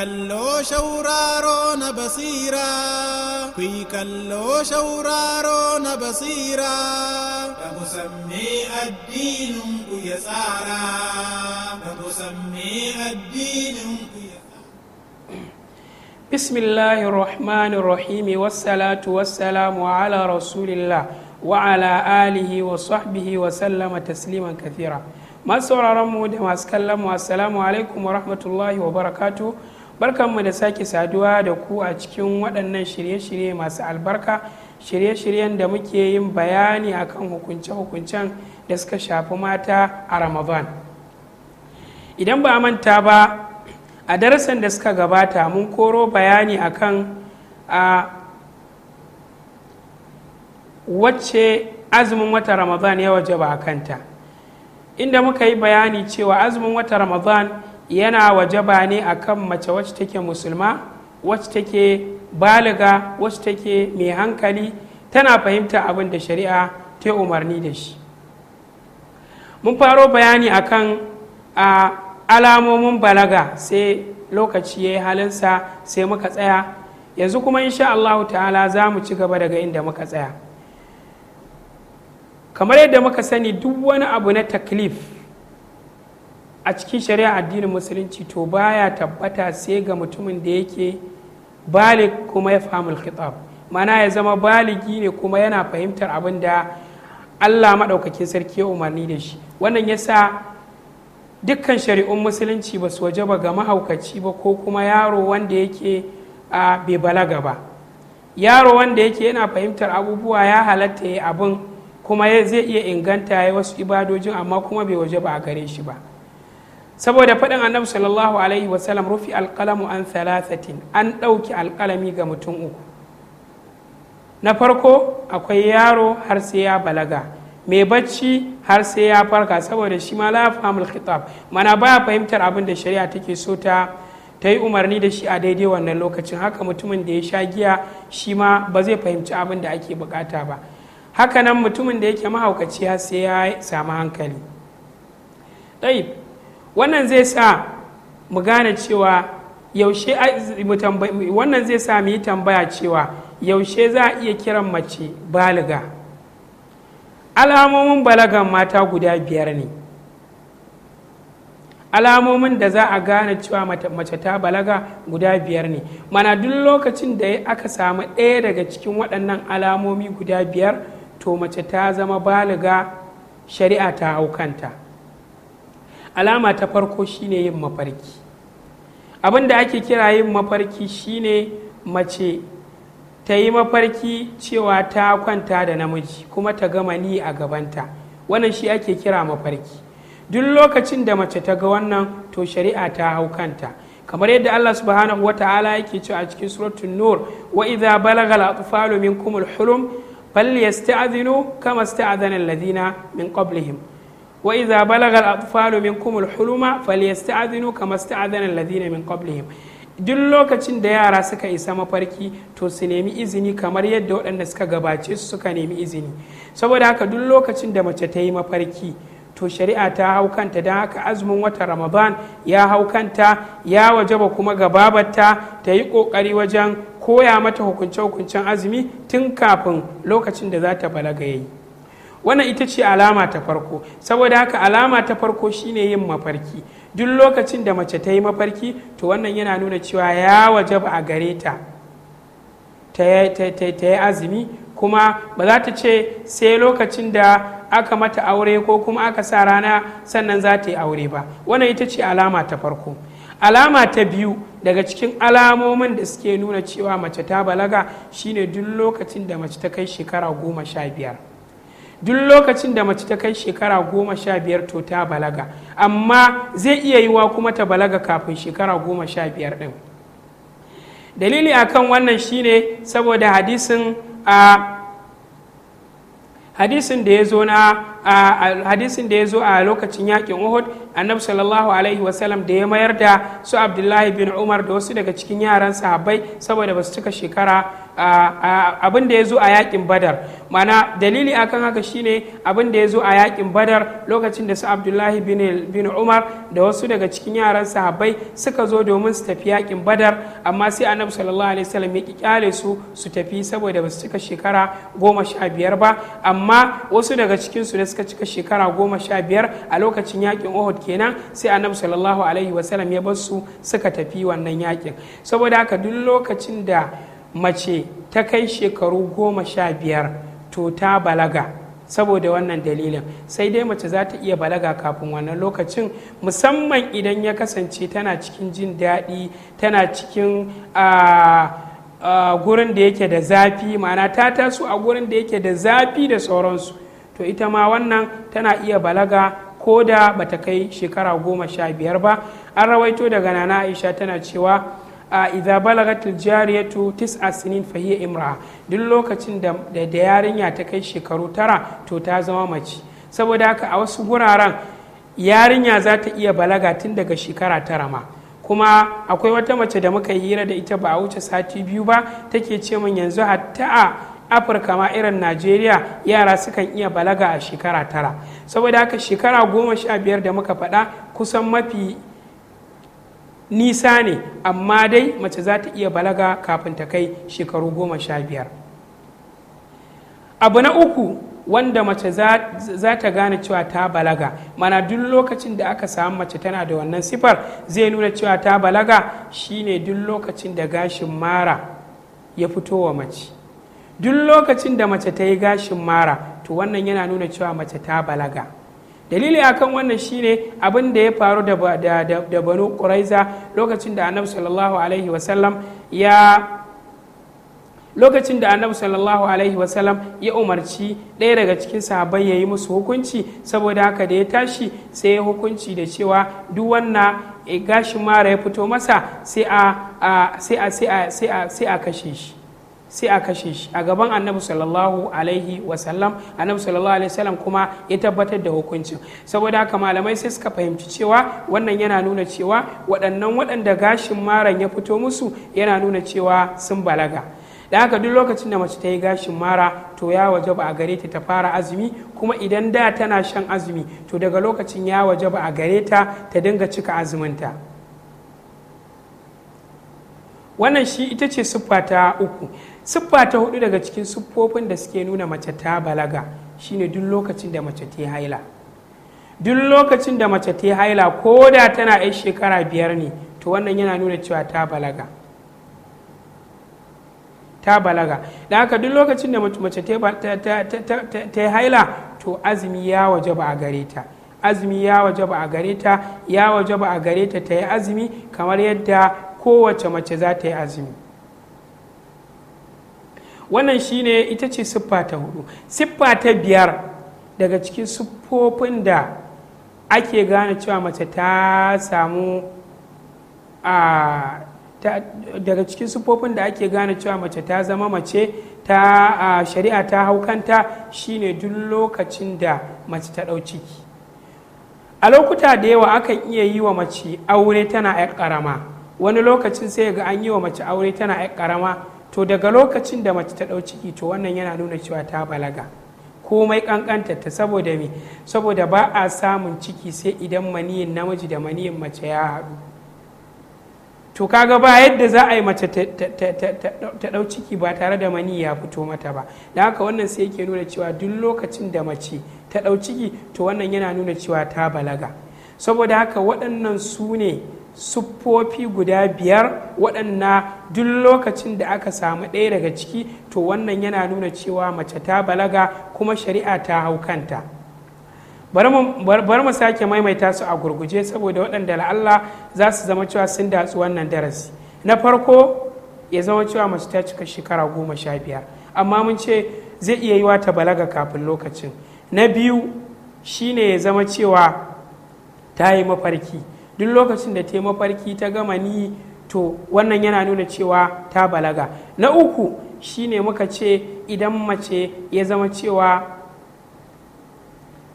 kalloo shawraaroo na basiiraa kuyi kalloo shawraaroo na basiiraa kamusammee addiinuun kuyya saaraa kamusammee addiinuun بسم الله الرحمن الرحيم والصلاة والسلام على رسول الله وعلى آله وصحبه وسلم تسليما كثيرا masu sauraron mu da masu kallon mu assalamu alaikum wa rahmatullahi wa barakatu barkanmu da sake saduwa da ku a cikin waɗannan shirye-shirye masu albarka shirye-shiryen da muke yin bayani a kan hukunce-hukuncen da suka shafi mata a ramadan idan ba manta ba a darasin da suka gabata mun koro bayani akan a wacce azumin wata ramadan ya waje ba a kanta inda muka yi bayani cewa azumin wata ramadan yana wajaba ne akan mace wacce take musulma wacce take baliga wacce take mai hankali tana fahimta abin da shari'a ta umarni da shi mun faro bayani akan a alamomin balaga sai lokaci ya yi halinsa sai muka tsaya yanzu kuma insha Allahu ta'ala za mu ci gaba daga inda muka tsaya kamar yadda muka sani duk wani abu na taklif a cikin shari'a addinin musulunci to baya tabbata sai ga mutumin da yake balik kuma ya fahimul khitab mana ya zama baligi ne kuma yana fahimtar abin da allah maɗaukakin sarki ya umarni da shi wannan yasa dukkan shari'un musulunci ba su waje ba ga mahaukaci ba ko kuma yaro wanda yake a bai balaga ba yaro wanda yake yana fahimtar abubuwa ya halatta ya abin kuma zai iya inganta ya wasu ibadojin amma kuma bai waje ba a gare shi ba saboda faɗin annabi sallallahu alaihi wasallam rufi alƙalamu an thalathatin an ɗauki alƙalami ga mutum uku na farko akwai yaro har sai ya balaga mai bacci har sai ya farka saboda shi ma la fahimul khitab mana baya fahimtar abin da shari'a take so ta ta yi umarni da shi a daidai wannan lokacin haka mutumin da ya sha giya shi ma ba zai fahimci abin da ake bukata ba haka nan mutumin da yake mahaukaci har sai ya samu hankali ɗai wannan zai sa mu gane cewa yaushe wannan zai sa mu yi tambaya cewa yaushe za a iya kiran mace baliga alamomin balagan mata guda biyar ne alamomin da za a gane cewa mace ta balaga guda biyar ne mana duk lokacin da aka samu ɗaya daga cikin waɗannan alamomi guda biyar to mace ta zama baliga shari'a ta haukanta kanta alama ta farko shine yin mafarki abin da ake kira yin mafarki shine mace ta yi mafarki cewa ta kwanta da namiji kuma ta gama ni a gabanta wannan shi ake kira mafarki duk lokacin da mace ta ga wannan to shari'a ta hau kanta kamar yadda Allah subhanahu wa ta'ala yake cewa a cikin suratul nur wa idza balagha al-atfalu minkum al-hulum falyasta'dhinu kama sta'dhana alladhina min qablihim wa idza balagal atfalu minkum al-huluma falyasta'dhinu kama sta'adhana ladina min qablihim duk lokacin da yara suka isa mafarki to su nemi izini kamar yadda waɗanda suka gabace su suka nemi izini saboda haka duk lokacin da mace ta yi mafarki to shari'a ta haukanta kanta don haka azumin watan ramadan ya haukanta kanta ya wajaba kuma gababarta ta yi ƙoƙari wajen koya mata hukunce-hukuncen azumi tun kafin lokacin da za ta balaga yayi wannan ita ce alama ta farko saboda haka alama ta farko shine yin mafarki duk lokacin da mace ta yi mafarki to wannan yana nuna cewa ya wajaba a gare ta ta yi azumi kuma ba za ta ce sai lokacin da aka mata aure ko kuma aka sa rana sannan za ta yi aure ba wannan ita ce alama ta farko alama ta biyu daga cikin alamomin da suke nuna cewa mace ta balaga shine duk lokacin da mace ta kai shekara goma sha biyar duk lokacin da mace ta kai shekara goma sha biyar to ta balaga amma zai iya yiwa kuma ta balaga kafin shekara goma sha biyar ɗin dalili akan wannan shine saboda hadisin da ya zo na a hadisin da ya zo a lokacin yakin uhud annabi sallallahu alaihi wasallam da ya mayar da su abdullahi bin umar da wasu daga cikin yaran sahabbai saboda ba su cika shekara abin da ya zo a yakin badar mana dalili akan haka shine abin da ya zo a yakin badar lokacin da su abdullahi bin umar da wasu daga cikin yaran sahabbai suka zo domin su tafi yakin badar amma sai annabi sallallahu alaihi wasallam ya kyale su su tafi saboda ba su cika shekara goma sha biyar ba amma wasu daga cikinsu da suka cika shekara goma sha biyar a lokacin yakin ohud kenan sai annabi sallallahu alaihi wasallam ya bar su suka tafi wannan yakin saboda haka duk lokacin da mace ta kai shekaru goma sha biyar to ta balaga saboda wannan dalilin sai dai mace za ta iya balaga kafin wannan lokacin musamman idan ya kasance tana cikin jin daɗi tana cikin gurin da yake da zafi ma'ana ta taso a gurin da yake da zafi da sauransu to ita ma wannan tana iya balaga ko da bata kai shekara goma sha biyar ba an rawaito daga nana aisha tana cewa a idza balagatil jariyatu tis'a sinin fa hiya imra'a duk lokacin da da yarinya ta kai shekaru tara to ta zama mace saboda haka a wasu guraren yarinya za ta iya balaga tun daga shekara tara ma kuma akwai wata mace da muka hira da ita ba a wuce sati biyu ba take ce min yanzu hatta a afirka ma irin najeriya yara sukan iya balaga a shekara tara saboda haka shekara goma sha biyar da muka faɗa kusan mafi nisa ne amma dai mace za ta iya balaga kafin ta kai shekaru goma sha biyar abu na uku wanda mace za ta gane cewa ta balaga mana duk lokacin da aka samu mace tana da wannan sifar zai nuna cewa ta balaga shine duk lokacin da gashin mara ya fito wa mace duk lokacin da mace ta yi gashin mara to wannan yana nuna cewa mace ta balaga dalili akan wannan shine abin da ya faru da, da, banu Quraiza, lokacin da annabi sallallahu alaihi wasallam ya lokacin da annabi sallallahu alaihi wasallam ya umarci ɗaya daga cikin sahabbai ya yi musu hukunci saboda haka da ya tashi sai ya hukunci da cewa duk wannan eh, gashin mara ya fito masa sai a kashe shi sai a kashe shi a gaban annabi sallallahu alaihi wasallam annabi sallallahu alaihi wasallam kuma ya tabbatar da hukuncin saboda haka malamai sai suka fahimci cewa wannan yana nuna cewa waɗannan waɗanda gashin maran ya fito musu yana nuna cewa sun balaga da haka duk lokacin da mace ta yi gashin mara to ya waje ba a gare ta ta fara azumi kuma idan da tana shan azumi to daga lokacin ya waje ba a gare ta ta dinga cika azuminta wannan shi ita ce siffa ta uku siffa ta hudu daga cikin siffofin da suke nuna mace ta balaga shine duk lokacin da mace ta haila duk lokacin da mace ta haila ko da tana 'yan shekara biyar ne to wannan yana nuna cewa ta balaga ta balaga da haka duk lokacin da mace ta haila to azumi ya waje ba a gare ta azumi ya waje ba a gare ta ya waje ba a gare ta ta yi azumi kamar yadda kowace mace za ta yi azumi wannan shine ita ce siffa ta hudu siffa ta biyar daga cikin siffofin da ake gane cewa mace ta samu a daga cikin siffofin da ake gane cewa mace ta zama mace ta shari'a ta haukanta shine duk lokacin da mace ta ɗau ciki a lokuta da yawa akan iya yi wa mace aure tana 'yar ƙarama wani lokacin sai ga an yi wa mace aure tana 'yar ƙarama to daga lokacin da mace ta ɗau ciki to wannan yana nuna cewa ta balaga komai ƙanƙanta ta saboda me saboda ba a samun ciki sai idan maniyin namiji da maniyin mace ya haɗu to kaga ba yadda za a yi mace ta ɗau ciki ba tare da mani ya fito mata ba da haka wannan sai yake nuna cewa duk lokacin da mace ta ɗau ciki to wannan yana nuna cewa ta balaga saboda haka waɗannan su ne siffofi guda biyar waɗanna duk lokacin da aka samu ɗaya daga ciki to wannan yana nuna cewa mace ta balaga kuma shari'a ta hau kanta bari mu sake maimaita su a gurguje saboda waɗanda la'alla za su zama cewa sun datsu wannan darasi na farko ya zama cewa mace ta cika shekara goma sha biyar amma mun ce zai iya yiwa ta balaga kafin lokacin na biyu shine ya zama cewa ta yi mafarki duk lokacin da ta mafarki ta gama ni to wannan yana nuna cewa ta balaga na uku shine muka ce idan mace ya zama cewa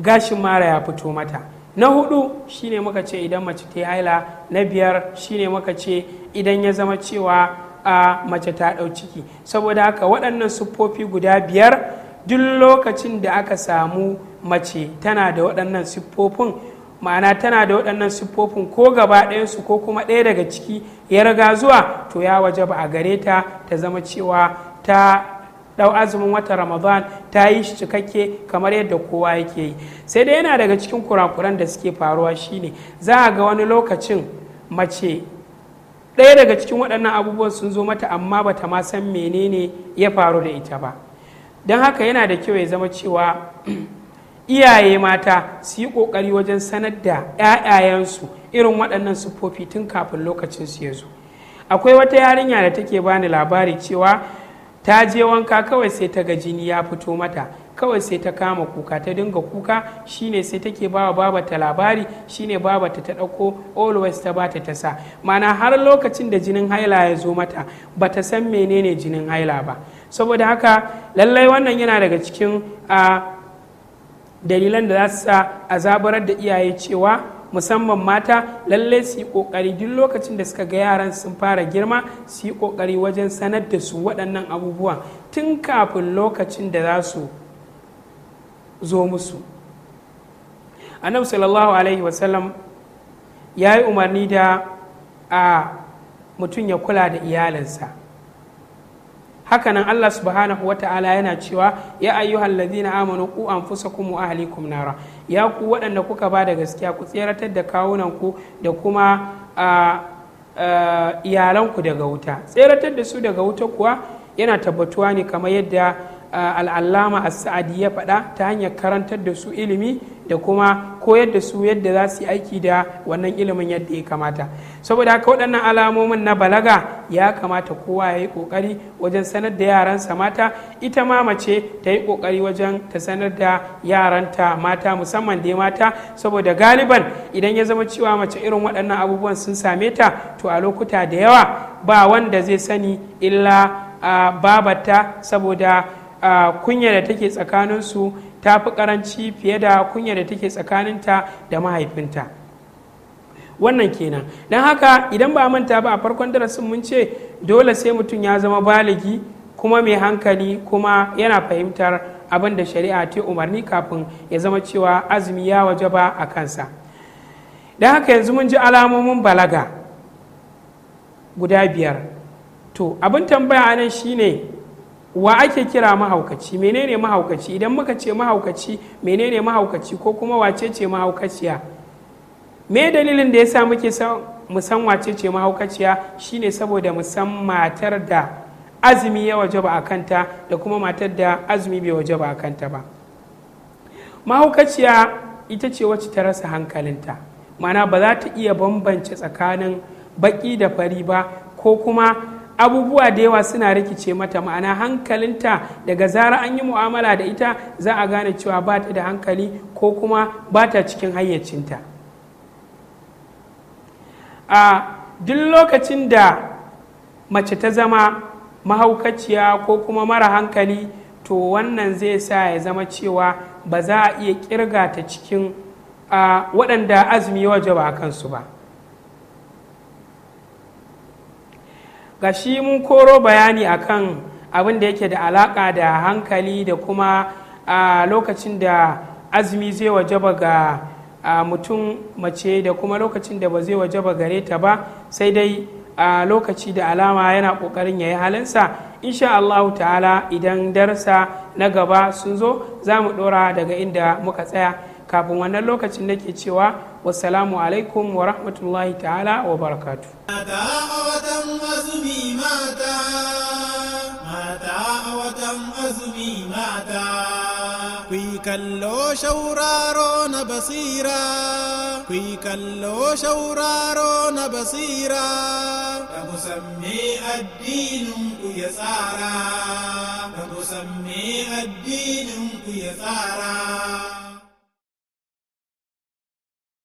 gashin mara ya fito mata na hudu shine muka ce idan mace ta haila na biyar shine muka ce idan ya zama cewa a mace ta ɗau ciki saboda haka waɗannan siffofi guda biyar duk lokacin da aka samu mace tana da waɗannan siffofin ma'ana tana da waɗannan siffofin ko gaba ɗayansu ko kuma ɗaya daga ciki ya riga zuwa to ya waje ba a gare ta ta zama cewa ta ɗau azumin wata ramadan ta yi shi cikakke kamar yadda kowa yake yi sai dai yana daga cikin kurakuran da suke faruwa shine za a ga wani lokacin mace ɗaya daga cikin waɗannan abubuwan sun zo mata amma bata ma san menene ya faru da ita ba don haka yana da kyau ya zama cewa iyaye mata su yi ƙoƙari wajen sanar da 'ya'yayensu irin waɗannan siffofi tun kafin lokacin su ya zo akwai wata yarinya da take bani labari cewa ta je wanka kawai sai ta ga jini ya fito mata kawai sai ta kama kuka ta dinga kuka shine sai take bawa babata labari shine babata ta ɗauko always ta bata ta sa mana har lokacin da jinin haila ya zo mata ba ta san menene jinin haila ba saboda haka lallai wannan yana daga cikin a ah, dalilan da za su sa a zabarar da iyaye cewa musamman mata lalle su yi kokari duk lokacin da suka ga yaran sun fara girma su yi kokari wajen sanar da su waɗannan abubuwan tun kafin lokacin da za su zo musu annabi sallallahu alaihi wasallam ya yi umarni da a mutum ya kula da iyalinsa hakanan Allah subhanahu wa ta'ala yana cewa ya ayyuhal ladina amanu ku anfusakum wa ahlikum nara ya ku waɗanda kuka ba da gaskiya ku tseratar da kawunanku da kuma iyalanku daga wuta tseratar da su daga wuta kuwa yana tabbatuwa ne kamar yadda al'allama a saadi ya faɗa ta hanyar karantar da su ilimi da kuma koyar da su yadda za su yi aiki da wannan ilimin yadda ya kamata saboda haka waɗannan alamomin na balaga ya kamata kowa ya yi ƙoƙari wajen sanar da yaransa mata ita ma mace ta yi ƙoƙari wajen ta sanar da yaranta mata musamman dai mata saboda galiban idan ya zama cewa mace irin waɗannan abubuwan sun same ta to a lokuta da yawa ba wanda zai sani illa babata saboda kunya da take tsakaninsu ta fi karanci fiye da kunya da take tsakaninta da mahaifinta wannan kenan don haka idan ba manta ba a farkon darasin mun ce dole sai mutum ya zama baligi kuma mai hankali kuma yana fahimtar abin da shari'a ta umarni kafin ya zama cewa azumi ya waje ba a kansa don haka yanzu mun ji alamomin balaga guda biyar to abin tambaya nan shine wa ake kira mahaukaci menene mahaukaci idan muka ce mahaukaci menene mahaukaci ko kuma wace ce mahaukaciya me dalilin da ya sa muke san wace ce mahaukaciya shine saboda musan matar da azumi ya waje ba a kanta da kuma matar da azumi bai waje ba a kanta ba mahaukaciya ita ce wacce ta rasa hankalinta mana ba za ta iya bambance tsakanin baki da fari ba ko kuma abubuwa da yawa suna rikice mata ma'ana hankalinta daga zara an yi mu'amala da ita za a gane cewa ba ta da hankali ko kuma ba ta cikin hayyacinta a duk lokacin da mace ta zama mahaukaciya ko kuma mara hankali to wannan zai sa ya zama cewa ba za a iya kirga ta cikin waɗanda azumi waje ba a kansu ba ga shi mun koro bayani a kan abin da yake da alaka da hankali da kuma a lokacin da azumi zai wajaba ga mutum mace da kuma lokacin da ba zai wajaba gare ta ba sai dai a lokaci da alama yana kokarin ya yi halinsa insha Allah ta'ala idan darsa na gaba sun zo za mu dora daga inda muka tsaya kafin wannan lokacin nake cewa wasalamu alaikum wa rahmatullahi ta'ala wa barakatu أزمي ماتا ماتا أوتم أزمي ماتا ماتا أوتم أزمي ماتا في كلو شورارون بصيرا في كلو شورارون بصيرا فمسمي الدين يسارا فمسمي الدين يسارا